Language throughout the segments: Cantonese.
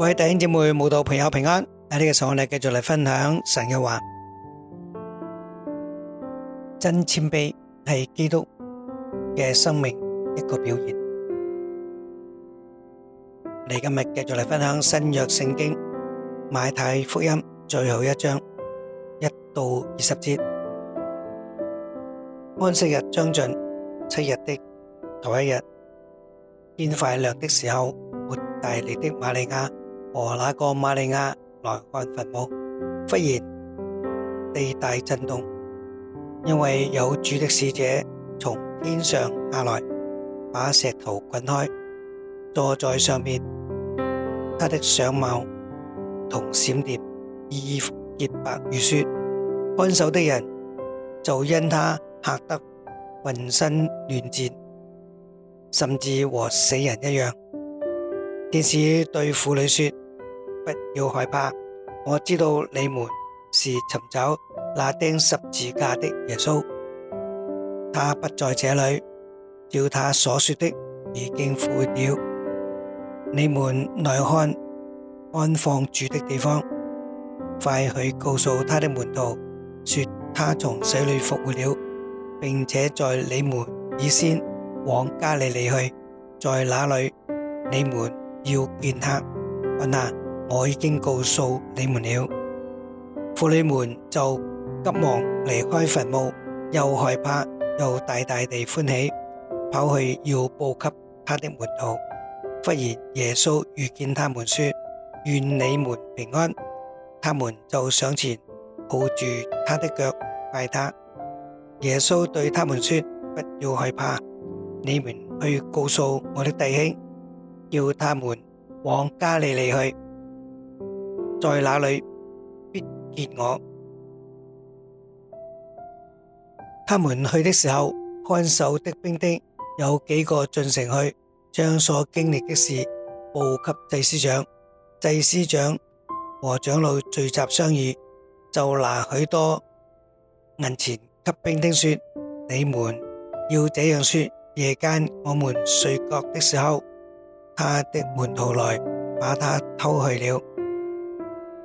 各位弟兄姊妹、慕道朋友平安！喺呢個時候，我哋繼續嚟分享神嘅話，真謙卑係基督嘅生命一個表現。嚟今日繼續嚟分享新約聖經馬太福音最後一章一到二十節，安息日將盡七日的頭一日，天快亮的時候，抹大利的瑪利亞。和那個馬利亞來看墳墓，忽然地大震動，因為有主的使者從天上下來，把石頭滾開，坐在上面。他的相貌同閃電，衣服潔白如雪。看守的人就因他嚇得渾身亂戰，甚至和死人一樣。天使對婦女說。不要害怕，我知道你們是尋找那釘十字架的耶穌，他不在這裏，照他所說的已經復活了。你們來看安放主的地方，快去告訴他的門徒，說他從死裏復活了，並且在你們以先往加利利去，在那裏你們要見他。安哪。我已經告訴你們了，婦女們就急忙離開墳墓，又害怕又大大地歡喜，跑去要報給他的門徒。忽然耶穌遇見他們，說：願你們平安！他們就上前抱住他的腳拜他。耶穌對他們說：不要害怕，你們去告訴我的弟兄，叫他們往加利利去。在那裏必見我。他們去的時候，看守的兵丁有幾個進城去，將所經歷的事報給祭司長。祭司長和長老聚集商議，就拿許多銀錢給兵丁說：你們要這樣說，夜間我們睡覺的時候，他的門徒來把他偷去了。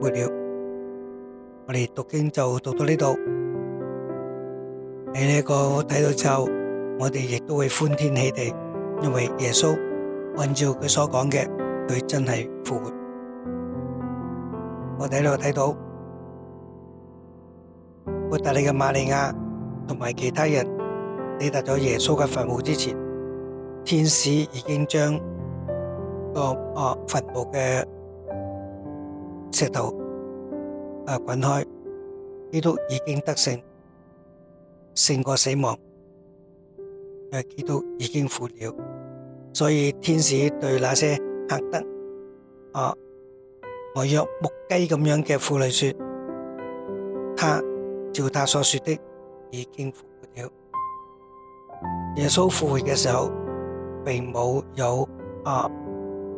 末了，我哋讀經就讀到呢度。喺呢個睇到之後，我哋亦都會歡天喜地，因為耶穌按照佢所講嘅，佢真係復活。我哋喺度睇到，抹大拉嘅瑪利亞同埋其他人抵達咗耶穌嘅墳墓之前，天使已經將個啊墳墓嘅。石頭啊滾開！基督已經得勝，勝過死亡。基督已經復活，所以天使對那些嚇得啊呆若木雞咁樣嘅婦女說：他照他所說的已經復活了。耶穌復活嘅時候，並冇有啊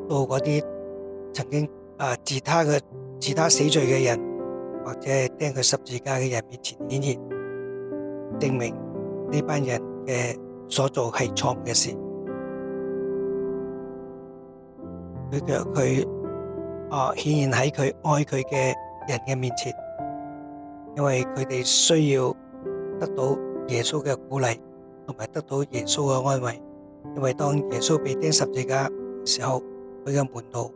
到嗰啲曾經啊治他嘅。其他死罪嘅人，或者係釘佢十字架嘅人面前顯現，證明呢班人嘅所做係錯誤嘅事。佢佢啊，顯現喺佢愛佢嘅人嘅面前，因為佢哋需要得到耶穌嘅鼓勵，同埋得到耶穌嘅安慰。因為當耶穌被釘十字架嘅時候，佢嘅門徒。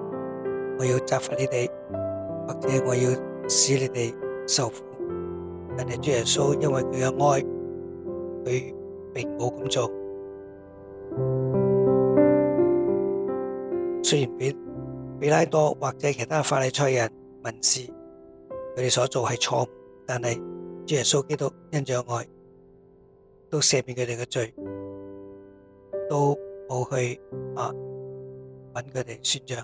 我要責罰你哋，或者我要使你哋受苦，但係主耶穌因為佢嘅愛，佢並冇咁做。雖然比比拉多或者其他法利賽人、文士，佢哋所做係錯誤，但係主耶穌基督因着愛，都赦免佢哋嘅罪，都冇去啊揾佢哋算賬。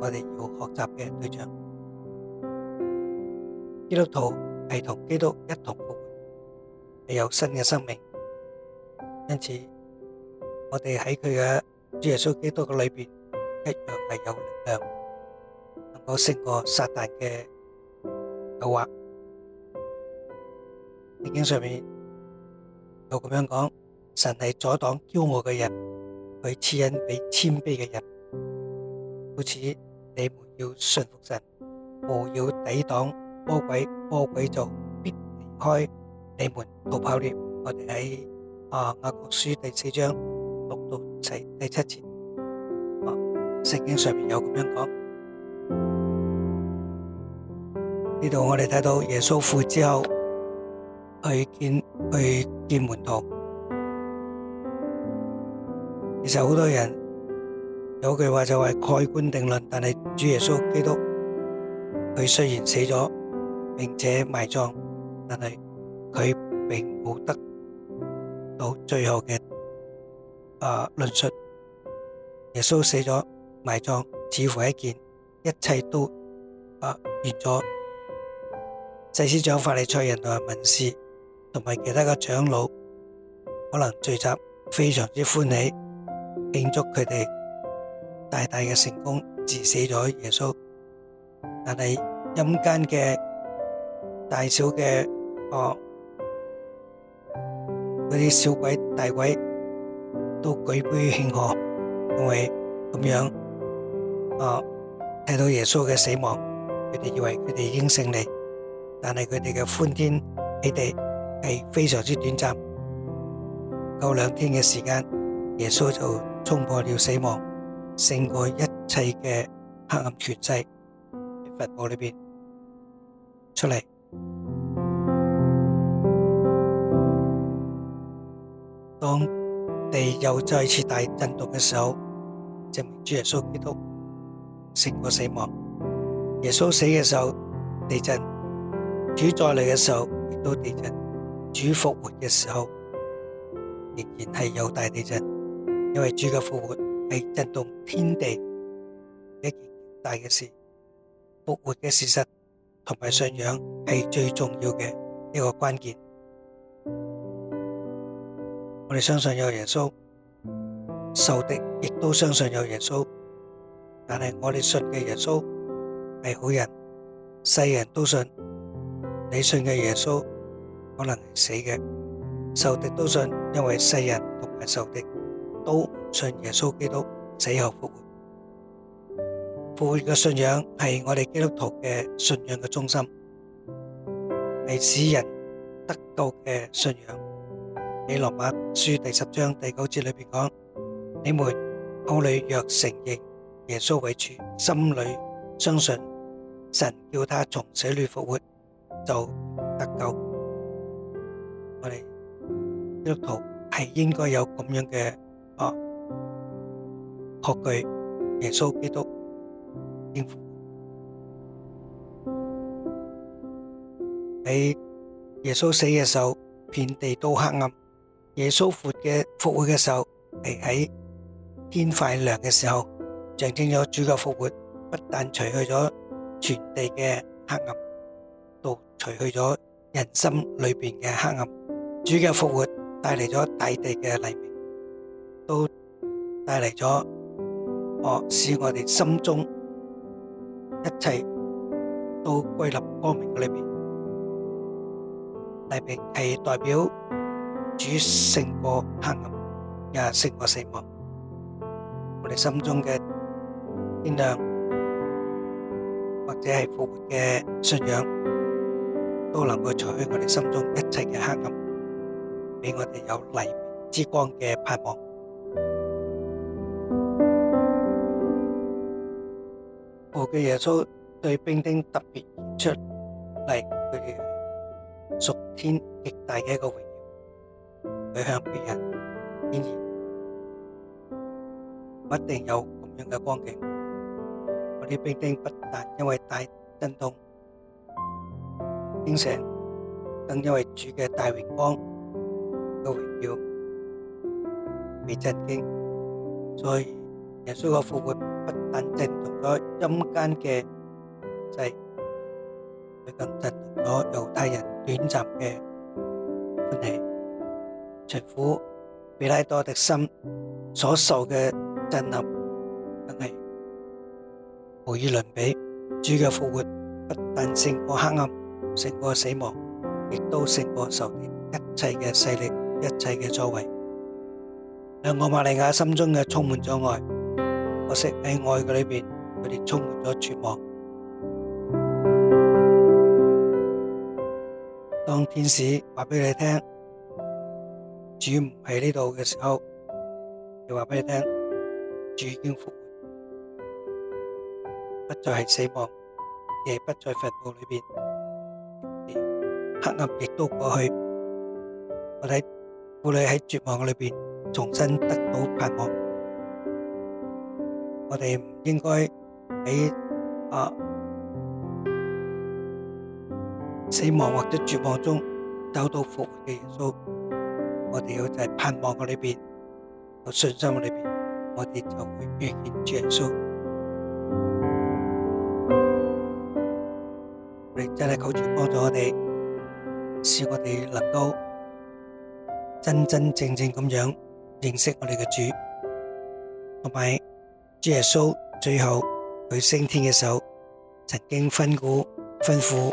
我哋要學習嘅對象，基督徒係同基督一同復活，係有新嘅生命。因此，我哋喺佢嘅主耶穌基督嘅裏邊，一樣係有力量，能夠勝過撒旦嘅誘惑。聖經上面又咁樣講：神係阻擋驕傲嘅人，佢賜恩俾謙卑嘅人。故此，你們要順服神，務要抵擋魔鬼，魔鬼就必離開你們，逃跑了。我哋喺啊《雅各書》第四章六到七第七節，啊聖經上面有咁樣講。呢度我哋睇到耶穌復活之後去見去見門徒，其實好多人。有句話就係蓋棺定論，但係主耶穌基督佢雖然死咗並且埋葬，但係佢並冇得到最後嘅誒論述。耶穌死咗埋葬，似乎一件一切都啊完咗。祭司長法利賽人同埋文士同埋其他嘅長老，可能聚集非常之歡喜，慶祝佢哋，大大嘅成功治死咗耶穌，但係陰間嘅大小嘅哦嗰啲小鬼大鬼都舉杯慶賀，因為咁樣，啊睇到耶穌嘅死亡，佢哋以為佢哋已經勝利，但係佢哋嘅歡天喜地係非常之短暫，夠兩天嘅時間，耶穌就衝破了死亡。勝過一切嘅黑暗權勢，喺墳墓裏邊出嚟。當地又再次大震動嘅時候，證明主耶穌基督勝過死亡。耶穌死嘅時候，地震，主再嚟嘅時候亦都地震，主復活嘅時候仍然係有大地震，因為主嘅復活。係震動天地的一件大嘅事，復活嘅事實同埋信仰係最重要嘅一個關鍵。我哋相信有耶穌，仇敵亦都相信有耶穌。但係我哋信嘅耶穌係好人，世人都信。你信嘅耶穌可能係死嘅，仇敵都信，因為世人同埋仇敵都。信耶穌基督死後復活，復活嘅信仰係我哋基督徒嘅信仰嘅中心，係使人得救嘅信仰。喺羅馬書第十章第九節裏邊講：你們口裏若承認耶穌為主，心裏相信神叫他從死裏復活，就得救。我哋基督徒係應該有咁樣嘅，啊。學佢耶穌基督應付，喺耶穌死嘅時候，遍地都黑暗；耶穌復活嘅復活嘅時候，係喺天快亮嘅時候，象徵咗主嘅復活不但除去咗全地嘅黑暗，都除去咗人心裏面嘅黑暗。主嘅復活帶嚟咗大地嘅黎明，都帶嚟咗。我使我哋心中一切都歸入光明裏邊，黎明係代表主勝過黑暗，也勝過死亡。我哋心中嘅天亮，或者係復活嘅信仰，都能夠除去我哋心中一切嘅黑暗，俾我哋有黎明之光嘅盼望。我嘅耶穌對兵丁特別顯出嚟，佢屬天極大嘅一個榮耀，去向別人。然而，不一定有咁樣嘅光景。我啲兵丁不但因為大震動，經常因因為主嘅大榮光嘅榮耀被震驚，所以耶穌嘅復活不等正。陰間嘅勢，佢咁震撼咗猶太人短暫嘅歡喜，除苦比拉多的心所受嘅震撼，真係無與倫比。主嘅復活不但勝過黑暗，勝過死亡，亦都勝過受一切嘅勢力、一切嘅作為。兩個瑪利亞心中嘅充滿咗愛，可惜喺愛嘅裏面。佢哋充滿咗絕望。當天使話俾你聽主唔喺呢度嘅時候，又話俾你聽主已經復活，不再係死亡，亦不再墳墓裏邊，黑暗亦都過去。我睇婦女喺絕望裏邊重新得到盼望。我哋唔應該。喺啊，死亡或者絕望中找到復活嘅耶穌，我哋要在盼望嘅裏邊，有信心嘅裏邊，我哋就會遇見主耶穌。我哋真係求主幫助我哋，使我哋能夠真真正正咁樣認識我哋嘅主，同埋主耶穌最後。佢升天嘅時候曾經吩咐吩咐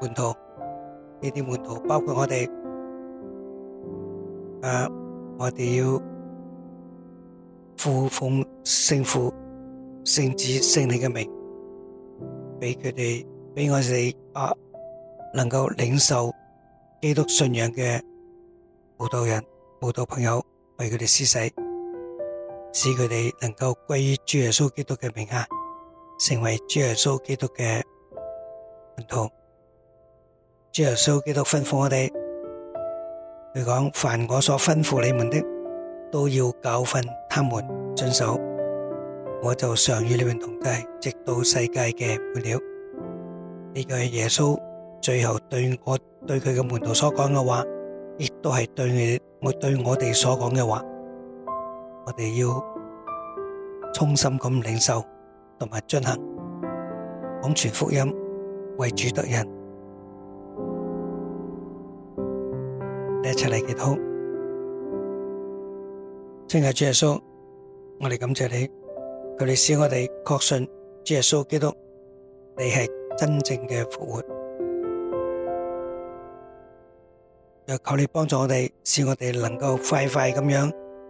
門徒，呢啲門徒包括我哋，誒，我哋要奉奉聖父、聖子、聖靈嘅名，俾佢哋，俾我哋啊，能夠領受基督信仰嘅慕道人、慕道朋友，為佢哋施洗。使佢哋能夠歸於主耶穌基督嘅名下，成為主耶穌基督嘅門徒。主耶穌基督吩咐我哋，佢講：凡我所吩咐你們的，都要教訓他們遵守。我就常與你們同在，直到世界嘅末了。呢個係耶穌最後對我對佢嘅門徒所講嘅話，亦都係對我對我哋所講嘅話。我哋要衷心咁領受同埋進行廣傳福音為主得人，一齊嚟祈禱。真係主耶穌，我哋感謝你，求你使我哋確信主耶穌基督你係真正嘅復活。又求你幫助我哋，使我哋能夠快快咁樣。